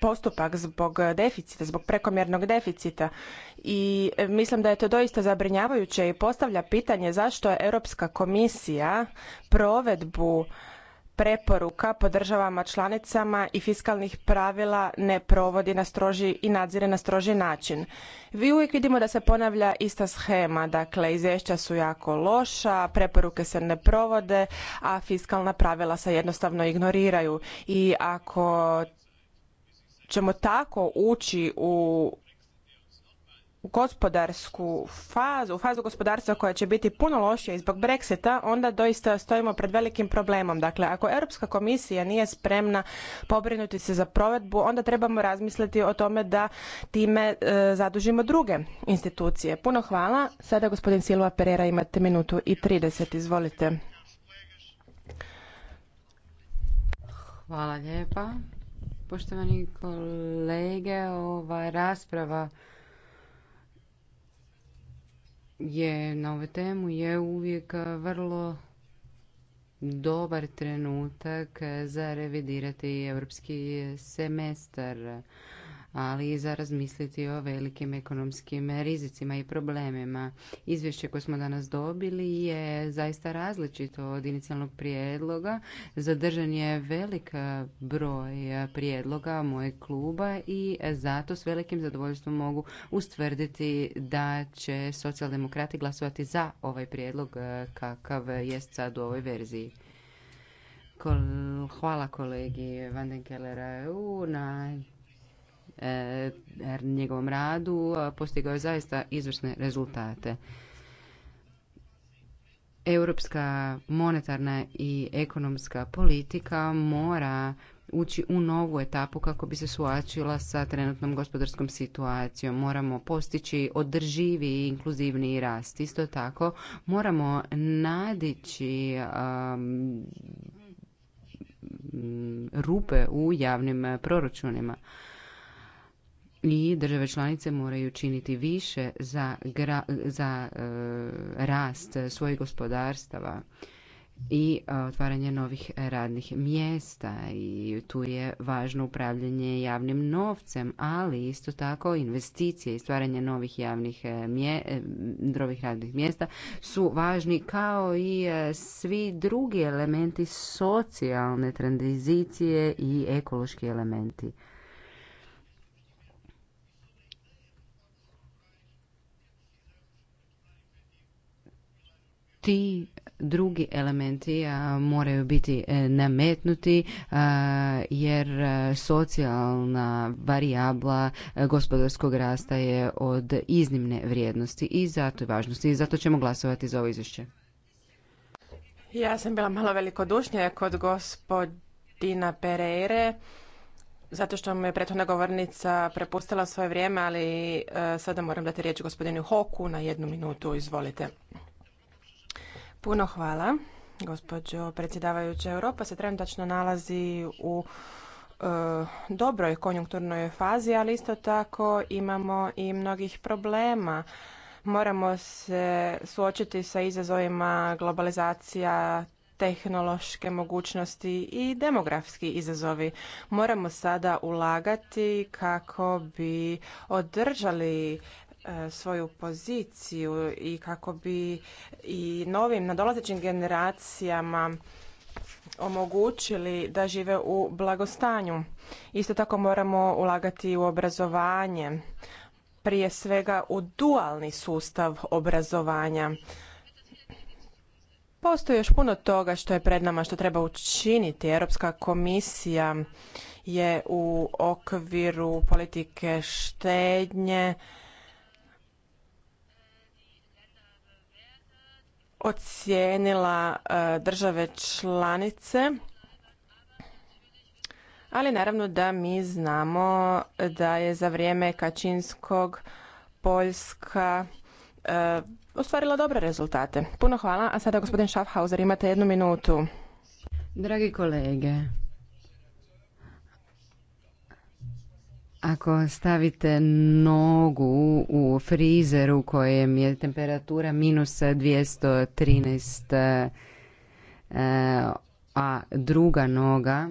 postupak zbog deficita, zbog prekomjernog deficita i e, mislim da je to doista zabrinjavajuće i postavlja pitanje zašto je Europska komisija provedbu preporuka po državama članicama i fiskalnih pravila ne provodi na stroži i nadzire na stroži način. Vi uvijek vidimo da se ponavlja ista shema, dakle izvješća su jako loša, preporuke se ne provode, a fiskalna pravila se jednostavno ignoriraju i ako ćemo tako ući u gospodarsku fazu, u fazu gospodarstva koja će biti puno lošija zbog Brexita, onda doista stojimo pred velikim problemom. Dakle, ako Europska komisija nije spremna pobrinuti se za provedbu, onda trebamo razmisliti o tome da time e, zadužimo druge institucije. Puno hvala. Sada gospodin Silva Pereira imate minutu i 30. Izvolite. Hvala lijepa. Poštovani kolege, ova rasprava je na ovu temu je uvijek vrlo dobar trenutak za revidirati europski semestar ali i za razmisliti o velikim ekonomskim rizicima i problemima. Izvješće koje smo danas dobili je zaista različito od inicijalnog prijedloga. Zadržan je velik eh, broj eh, prijedloga mojeg kluba i zato s velikim zadovoljstvom mogu ustvrditi da će socijaldemokrati glasovati za ovaj prijedlog eh, kakav jest sad u ovoj verziji. Hvala kolegi Van na Eh, njegovom radu postigao je zaista izvrsne rezultate. Europska monetarna i ekonomska politika mora ući u novu etapu kako bi se suočila sa trenutnom gospodarskom situacijom. Moramo postići održivi i inkluzivni rast. Isto tako moramo nadići rupe u javnim proračunima i države članice moraju činiti više za, za e, rast svojih gospodarstava i e, otvaranje novih radnih mjesta i tu je važno upravljanje javnim novcem, ali isto tako investicije i stvaranje novih javnih e, radnih mjesta su važni kao i svi drugi elementi socijalne tranzicije i ekološki elementi. ti drugi elementi moraju biti e, nametnuti jer e, socijalna varijabla e, gospodarskog rasta je od iznimne vrijednosti i zato je važnosti i zato ćemo glasovati za ovo izvješće. Ja sam bila malo velikodušnja kod gospodina Pereire zato što mu je prethodna govornica prepustila svoje vrijeme, ali sada moram dati riječ gospodinu Hoku na jednu minutu, izvolite. Puno hvala, gospođo predsjedavajuća. Europa se trenutačno nalazi u e, dobroj konjunkturnoj fazi, ali isto tako imamo i mnogih problema. Moramo se suočiti sa izazovima globalizacija, tehnološke mogućnosti i demografski izazovi. Moramo sada ulagati kako bi održali E, svoju poziciju i kako bi i novim nadolazećim generacijama omogućili da žive u blagostanju. Isto tako moramo ulagati u obrazovanje, prije svega u dualni sustav obrazovanja. Postoji još puno toga što je pred nama što treba učiniti. Europska komisija je u okviru politike štednje ocijenila e, države članice ali naravno da mi znamo da je za vrijeme Kačinskog Poljska e, ostvarila dobre rezultate. Puno hvala, a sada gospodin Schaffhauser imate jednu minutu. Dragi kolege, Ako stavite nogu u frizer u kojem je temperatura minus 213, eh, a druga noga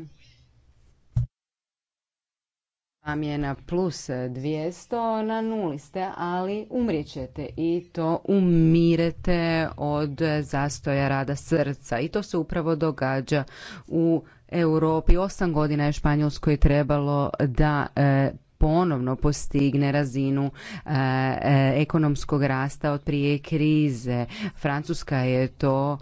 vam je na plus 200, na nuli ste, ali umrićete i to umirete od zastoja rada srca. I to se upravo događa u Europi. Osam godina je Španjolskoj trebalo da e, ponovno postigne razinu e, e, ekonomskog rasta od prije krize. Francuska je to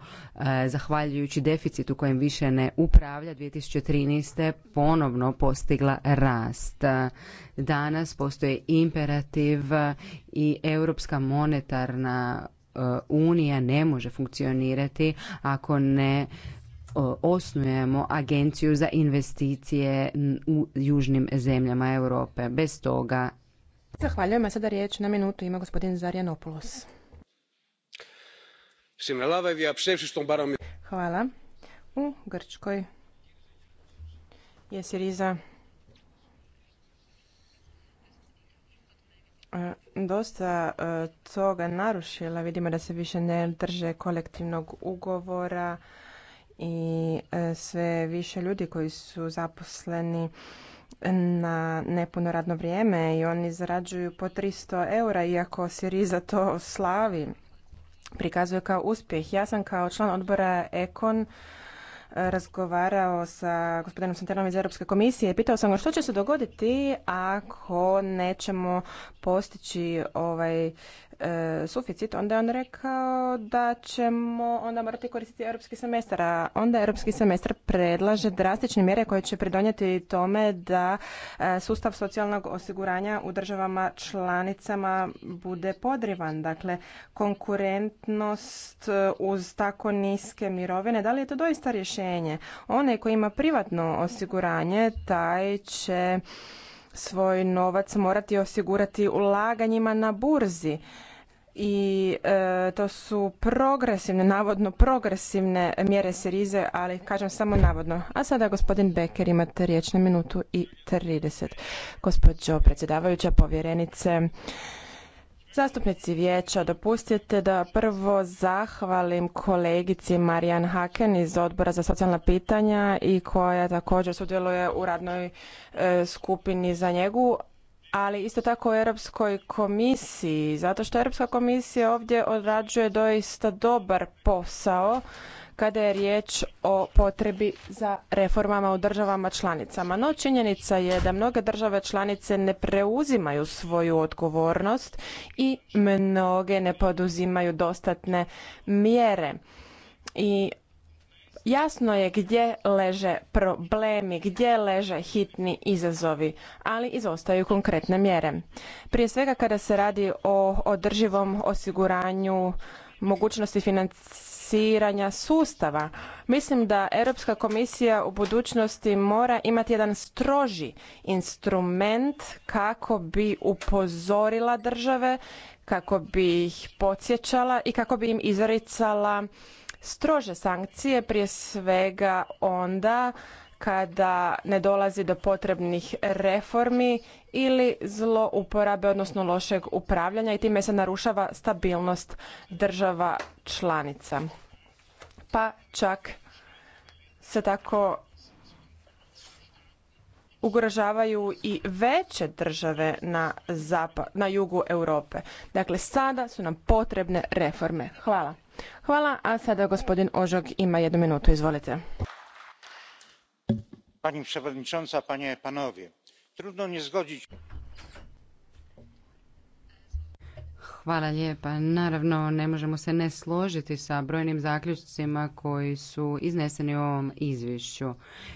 zahvaljujući deficitu kojem više ne upravlja 2013. ponovno postigla rast. Danas postoje imperativ i europska monetarna unija ne može funkcionirati ako ne osnujemo agenciju za investicije u južnim zemljama Europe. Bez toga... Zahvaljujem, a sada riječ na minutu ima gospodin Zarjanopoulos. Hvala. U Grčkoj je Siriza e, dosta e, toga narušila. Vidimo da se više ne drže kolektivnog ugovora, i e, sve više ljudi koji su zaposleni na nepuno radno vrijeme i oni zarađuju po 300 eura iako Siriza to slavi prikazuje kao uspjeh. Ja sam kao član odbora Ekon razgovarao sa gospodinom Santerom iz Europske komisije i pitao sam ga što će se dogoditi ako nećemo postići ovaj e, suficit. Onda je on rekao da ćemo onda morati koristiti europski semestar, a onda europski semestar predlaže drastične mjere koje će pridonijeti tome da e, sustav socijalnog osiguranja u državama članicama bude podrivan. Dakle, konkurentnost e, uz tako niske mirovine. Da li je to doista rješenje? rješenje. Onaj koji ima privatno osiguranje, taj će svoj novac morati osigurati ulaganjima na burzi i e, to su progresivne, navodno progresivne mjere Serize, ali kažem samo navodno. A sada gospodin Becker imate riječ na minutu i 30. Gospođo predsjedavajuća povjerenice, Zastupnici vijeća, dopustite da prvo zahvalim kolegici Marijan Haken iz Odbora za socijalna pitanja i koja također sudjeluje u radnoj e, skupini za njegu, ali isto tako u Europskoj komisiji, zato što Europska komisija ovdje odrađuje doista dobar posao kada je riječ o potrebi za reformama u državama članicama. No činjenica je da mnoge države članice ne preuzimaju svoju odgovornost i mnoge ne poduzimaju dostatne mjere. I jasno je gdje leže problemi, gdje leže hitni izazovi, ali izostaju konkretne mjere. Prije svega kada se radi o održivom osiguranju mogućnosti financija, financiranja sustava. Mislim da Europska komisija u budućnosti mora imati jedan stroži instrument kako bi upozorila države, kako bi ih podsjećala i kako bi im izricala strože sankcije prije svega onda kada ne dolazi do potrebnih reformi ili zlouporabe odnosno lošeg upravljanja i time se narušava stabilnost država članica. Pa čak se tako ugrožavaju i veće države na, na jugu Europe. Dakle, sada su nam potrebne reforme. Hvala. Hvala, a sada gospodin Ožog ima jednu minutu. Izvolite. Pani przewodnicząca, panie panowie trudno nie zgodzić Hvala lijepa. Naravno, ne možemo se ne složiti sa brojnim zaključcima koji su izneseni u ovom izvješću.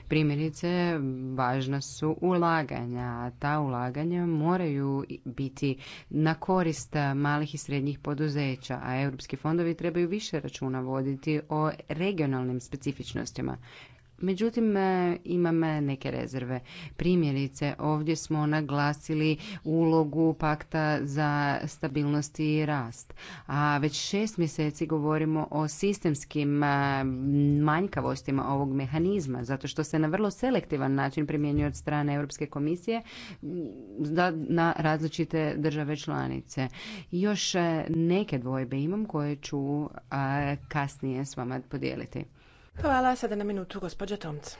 Primjerice, važna su ulaganja, a ta ulaganja moraju biti na korist malih i srednjih poduzeća, a europski fondovi trebaju više računa voditi o regionalnim specifičnostima. Međutim, e, imam neke rezerve. Primjerice, ovdje smo naglasili ulogu pakta za stabilnost i rast. A već šest mjeseci govorimo o sistemskim e, manjkavostima ovog mehanizma, zato što se na vrlo selektivan način primjenjuje od strane Europske komisije na različite države članice. Još e, neke dvojbe imam koje ću kasnije s vama podijeliti. Hvala. Sada na minutu gospođa Tomc.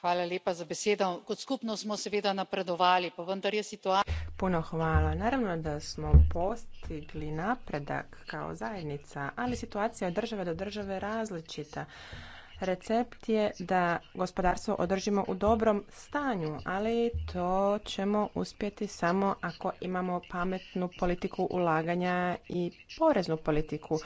Hvala lepa za besedo. Kot skupno smo seveda napredovali, pa vendar je situacija... Puno hvala. Naravno da smo postigli napredak kao zajednica, ali situacija od države do države različita. Recept je da gospodarstvo održimo u dobrom stanju, ali to ćemo uspjeti samo ako imamo pametnu politiku ulaganja i poreznu politiku.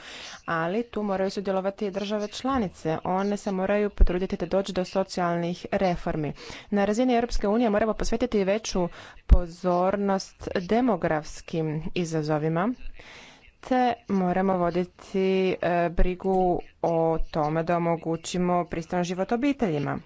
Ali tu moraju sudjelovati i države članice. One se moraju potruditi da dođu do socijalnih reformi. Na razini Europske unije moramo posvetiti veću pozornost demografskim izazovima moramo voditi e, brigu o tome da omogućimo pristojan život obiteljima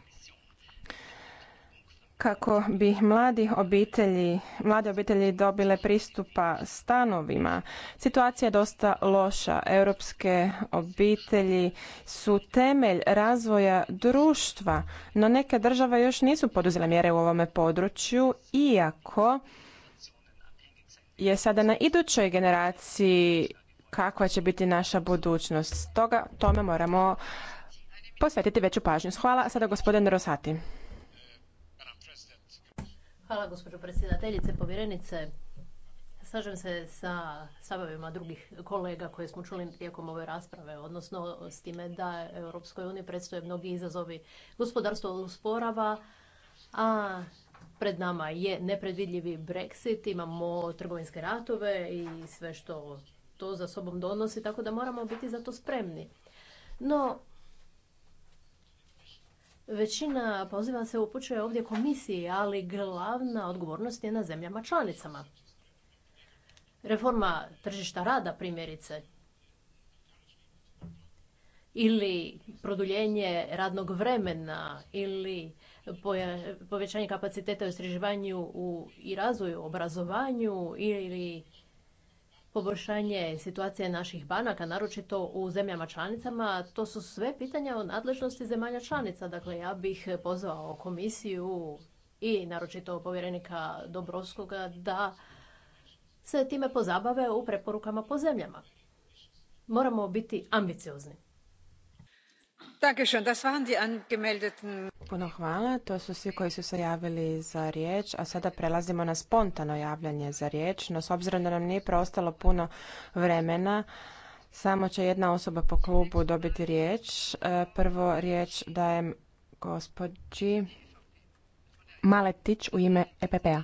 kako bi mladi obitelji, mlade obitelji dobile pristupa stanovima. Situacija je dosta loša. Europske obitelji su temelj razvoja društva, no neke države još nisu poduzele mjere u ovome području, iako je sada na idućoj generaciji kakva će biti naša budućnost. Stoga tome moramo posvetiti veću pažnju. Hvala. Sada gospodin Rosati. Hvala gospođo predsjedateljice, povjerenice. Slažem se sa stavovima drugih kolega koje smo čuli tijekom ove rasprave, odnosno s time da Europskoj uniji predstoje mnogi izazovi. Gospodarstvo usporava, a Pred nama je nepredvidljivi Brexit, imamo trgovinske ratove i sve što to za sobom donosi, tako da moramo biti za to spremni. No, većina poziva se upućuje ovdje komisiji, ali glavna odgovornost je na zemljama članicama. Reforma tržišta rada, primjerice, ili produljenje radnog vremena, ili povećanje kapaciteta u istraživanju i razvoju, obrazovanju ili poboljšanje situacije naših banaka, naročito u zemljama članicama, to su sve pitanja o nadležnosti zemalja članica. Dakle, ja bih pozvao komisiju i naročito povjerenika Dobrovskoga da se time pozabave u preporukama po zemljama. Moramo biti ambiciozni. Puno hvala. To su svi koji su se javili za riječ, a sada prelazimo na spontano javljanje za riječ. No, s obzirom da nam nije preostalo puno vremena, samo će jedna osoba po klubu dobiti riječ. E, prvo riječ dajem gospođi Maletić u ime EPP-a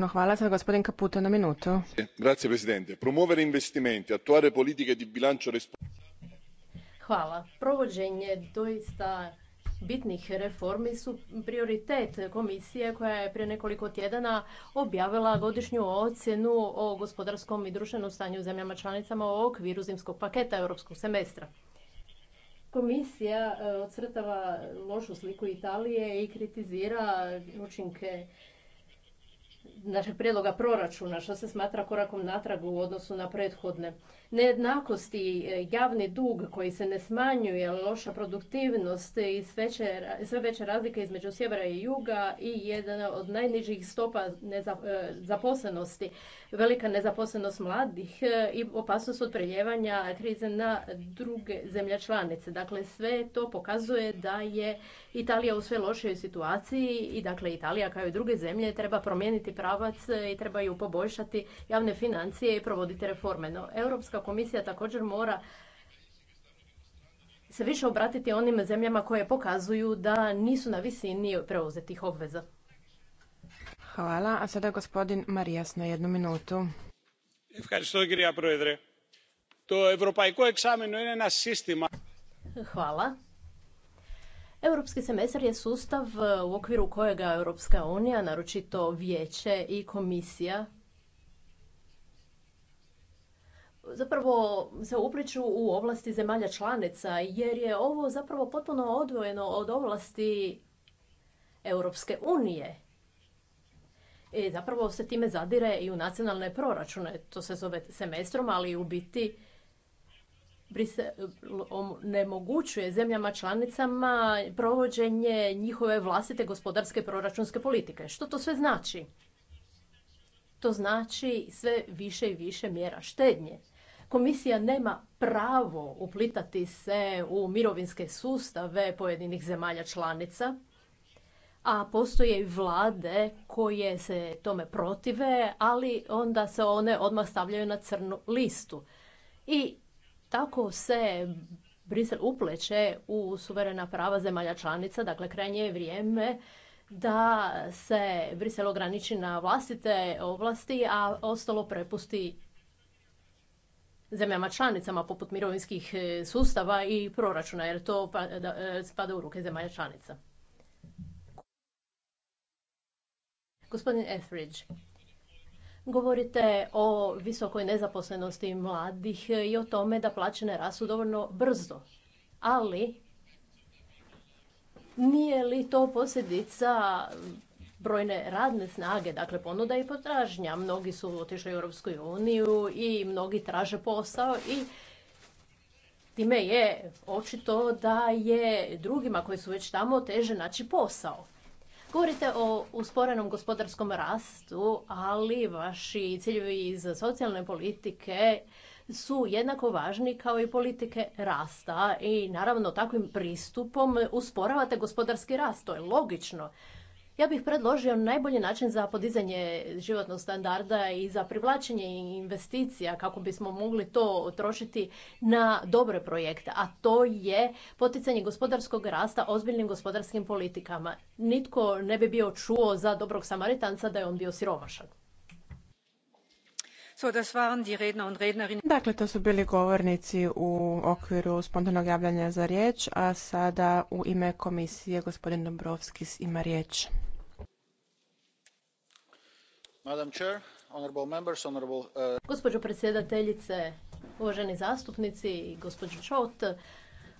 hvala gospodin investimenti, di bilancio responsabile. Hvala. Provođenje doista bitnih reformi su prioritet komisije koja je prije nekoliko tjedana objavila godišnju ocjenu o gospodarskom i društvenom stanju u zemljama članicama u okviru zimskog paketa europskog semestra. Komisija e, ocrtava lošu sliku Italije i kritizira učinke našeg prijedloga proračuna, što se smatra korakom natrag u odnosu na prethodne nejednakosti, e, javni dug koji se ne smanjuje, loša produktivnost i sve, veće razlike između sjevera i juga i jedna od najnižih stopa e, zaposlenosti, velika nezaposlenost mladih e, i opasnost od preljevanja krize na druge zemlje članice. Dakle, sve to pokazuje da je Italija u sve lošoj situaciji i dakle Italija kao i druge zemlje treba promijeniti pravac i treba ju poboljšati javne financije i provoditi reforme. No, Europska komisija također mora se više obratiti onim zemljama koje pokazuju da nisu na visini preuzetih obveza. Hvala. A sada gospodin Marijas na jednu minutu. Hvala. Europski semestar je sustav uh, u okviru kojega Europska unija, naročito vijeće i komisija, zapravo se upliču u ovlasti zemalja članica, jer je ovo zapravo potpuno odvojeno od ovlasti Europske unije. I e, zapravo se time zadire i u nacionalne proračune. To se zove semestrom, ali u biti onemogućuje zemljama članicama provođenje njihove vlastite gospodarske proračunske politike. Što to sve znači? To znači sve više i više mjera štednje. Komisija nema pravo uplitati se u mirovinske sustave pojedinih zemalja članica, a postoje i vlade koje se tome protive, ali onda se one odmah stavljaju na crnu listu. I tako se Brisel upleće u suverena prava zemalja članica, dakle krajnje je vrijeme da se Brisel ograniči na vlastite ovlasti, a ostalo prepusti zemljama članicama poput mirovinskih e, sustava i proračuna jer to pa, e, spada u ruke zemalja članica. Gospodin Etheridge, govorite o visokoj nezaposlenosti mladih i o tome da plaće ne dovoljno brzo. Ali nije li to posljedica brojne radne snage, dakle ponuda i potražnja. Mnogi su otišli u Europsku uniju i mnogi traže posao i time je očito da je drugima koji su već tamo teže naći posao. Govorite o usporenom gospodarskom rastu, ali vaši ciljevi iz socijalne politike su jednako važni kao i politike rasta i naravno takvim pristupom usporavate gospodarski rast, to je logično. Ja bih predložio najbolji način za podizanje životnog standarda i za privlačenje investicija kako bismo mogli to trošiti na dobre projekte, a to je poticanje gospodarskog rasta ozbiljnim gospodarskim politikama. Nitko ne bi bio čuo za dobrog samaritanca da je on bio siromašan. Dakle, to su bili govornici u okviru spontanog javljanja za riječ, a sada u ime komisije gospodin Dombrovskis ima riječ. Uh, gospođo predsjedateljice, uvaženi zastupnici i gospođo Čot,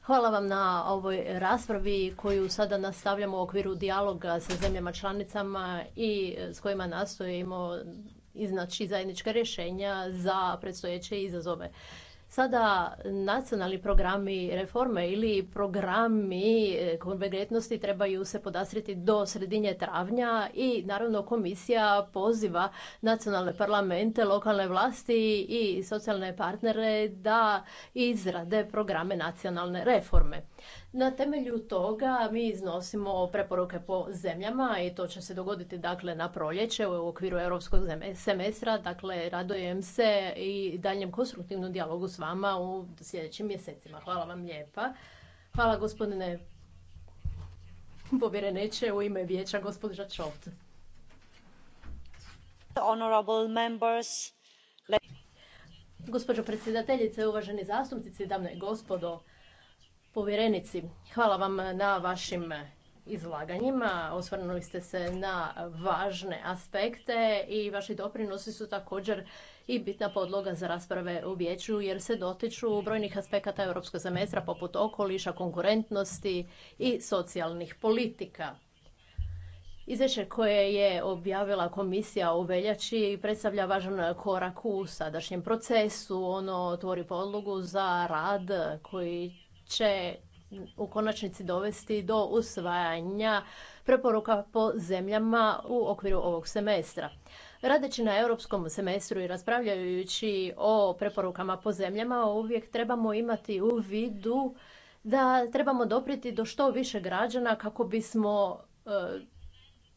Hvala vam na ovoj raspravi koju sada nastavljamo u okviru dijaloga sa zemljama članicama i s kojima nastojimo iznaći zajednička rješenja za predstojeće izazove. Sada nacionalni programi reforme ili programi e, konvergentnosti trebaju se podastriti do sredinje travnja i naravno komisija poziva nacionalne parlamente, lokalne vlasti i socijalne partnere da izrade programe nacionalne reforme. Na temelju toga mi iznosimo preporuke po zemljama i to će se dogoditi dakle na proljeće u okviru europskog semestra. Dakle, radojem se i daljem konstruktivnom dijalogu s vama u sljedećim mjesecima. Hvala vam lijepa. Hvala gospodine povjereniče u ime vijeća gospođa Čovt. Honorable members, Gospođo predsjedateljice, uvaženi zastupnici, dame i gospodo, Povjerenici, hvala vam na vašim izlaganjima. Osvrnuli ste se na važne aspekte i vaši doprinosi su također i bitna podloga za rasprave u vijeću jer se dotiču brojnih aspekata europskog semestra poput okoliša, konkurentnosti i socijalnih politika. Izvješće koje je objavila komisija u veljači predstavlja važan korak u sadašnjem procesu. Ono otvori podlogu za rad koji će u konačnici dovesti do usvajanja preporuka po zemljama u okviru ovog semestra. Radeći na europskom semestru i raspravljajući o preporukama po zemljama, uvijek trebamo imati u vidu da trebamo dopriti do što više građana kako bismo e,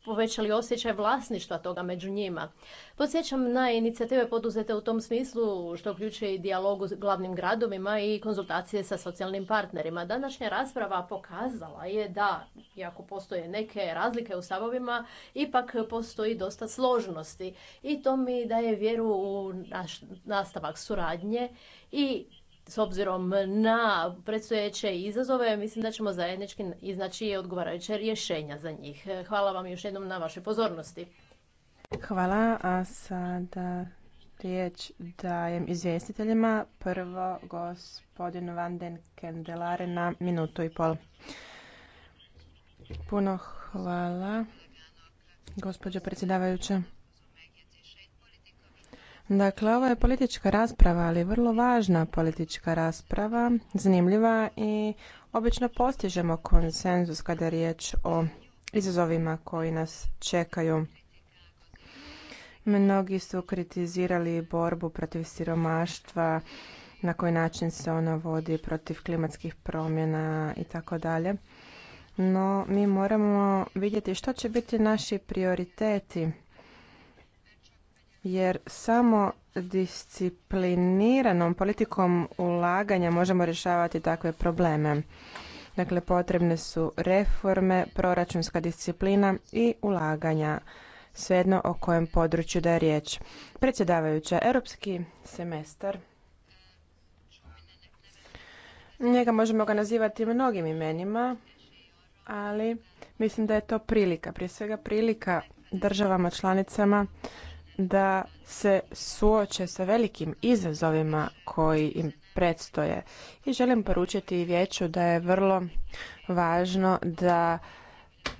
povećali osjećaj vlasništva toga među njima. Podsjećam na inicijative poduzete u tom smislu što uključuje i dijalog s glavnim gradovima i konzultacije sa socijalnim partnerima. Današnja rasprava pokazala je da, iako postoje neke razlike u stavovima, ipak postoji dosta složnosti i to mi daje vjeru u nastavak suradnje i s obzirom na predstojeće izazove, mislim da ćemo zajednički iznaći odgovarajuće rješenja za njih. Hvala vam još jednom na vašoj pozornosti. Hvala, a sada riječ dajem izvjestiteljima. Prvo gospodin Van den Kendelare na minutu i pol. Puno hvala, gospođo predsjedavajuća. Dakle, ovo je politička rasprava, ali vrlo važna politička rasprava, zanimljiva i obično postižemo konsenzus kada je riječ o izazovima koji nas čekaju. Mnogi su kritizirali borbu protiv siromaštva, na koji način se ona vodi protiv klimatskih promjena i tako dalje. No, mi moramo vidjeti što će biti naši prioriteti jer samo discipliniranom politikom ulaganja možemo rješavati takve probleme. Dakle, potrebne su reforme, proračunska disciplina i ulaganja, svejedno o kojem području da je riječ. Predsjedavajuća, europski semestar, njega možemo ga nazivati mnogim imenima, ali mislim da je to prilika, prije svega prilika državama članicama da se suoče sa velikim izazovima koji im predstoje i želim poručiti vijeću da je vrlo važno da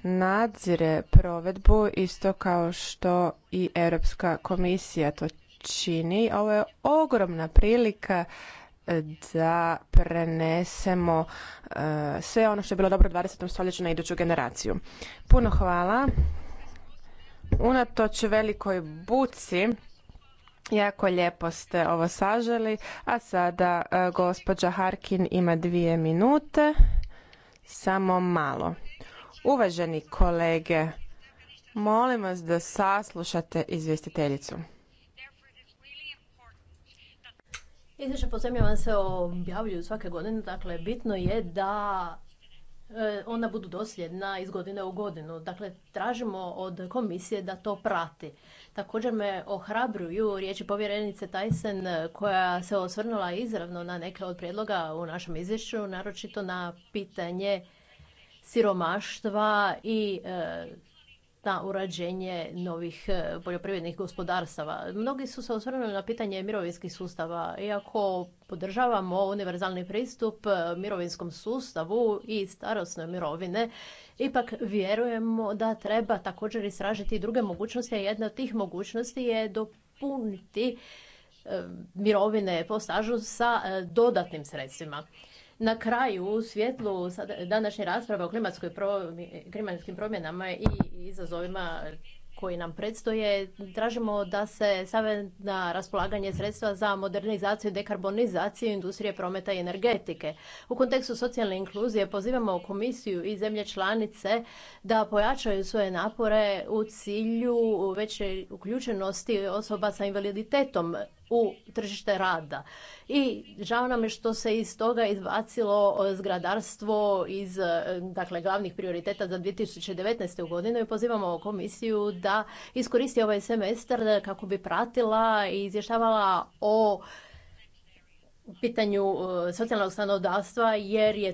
nadzire provedbu isto kao što i Europska komisija to čini. Ovo je ogromna prilika e, da prenesemo e, sve ono što je bilo dobro u 20. stoljeću na iduću generaciju. Puno hvala. Unatoč velikoj buci, jako lijepo ste ovo saželi, a sada e, gospođa Harkin ima dvije minute, samo malo. Uvaženi kolege, molim vas da saslušate izvjestiteljicu. Izvješće po zemljama se objavljuju svake godine, dakle bitno je da E, ona budu dosljedna iz godine u godinu. Dakle, tražimo od komisije da to prati. Također me ohrabruju riječi povjerenice Tyson e, koja se osvrnula izravno na neke od prijedloga u našem izvješću, naročito na pitanje siromaštva i e, na urađenje novih e, poljoprivrednih gospodarstava. Mnogi su se osvrnuli na pitanje mirovinskih sustava. Iako podržavamo univerzalni pristup e, mirovinskom sustavu i starosne mirovine, ipak vjerujemo da treba također istražiti druge mogućnosti, a jedna od tih mogućnosti je dopuniti e, mirovine po stažu sa dodatnim sredstvima. Na kraju, u svjetlu današnje rasprave o klimatskim promjenama i izazovima koji nam predstoje, tražimo da se stave na raspolaganje sredstva za modernizaciju i dekarbonizaciju industrije prometa i energetike. U kontekstu socijalne inkluzije pozivamo komisiju i zemlje članice da pojačaju svoje napore u cilju veće uključenosti osoba sa invaliditetom u tržište rada. I žao nam je što se iz toga izbacilo e, zgradarstvo iz e, dakle, glavnih prioriteta za 2019. godinu i pozivamo komisiju da iskoristi ovaj semestar kako bi pratila i izvještavala o pitanju e, socijalnog stanodavstva jer je to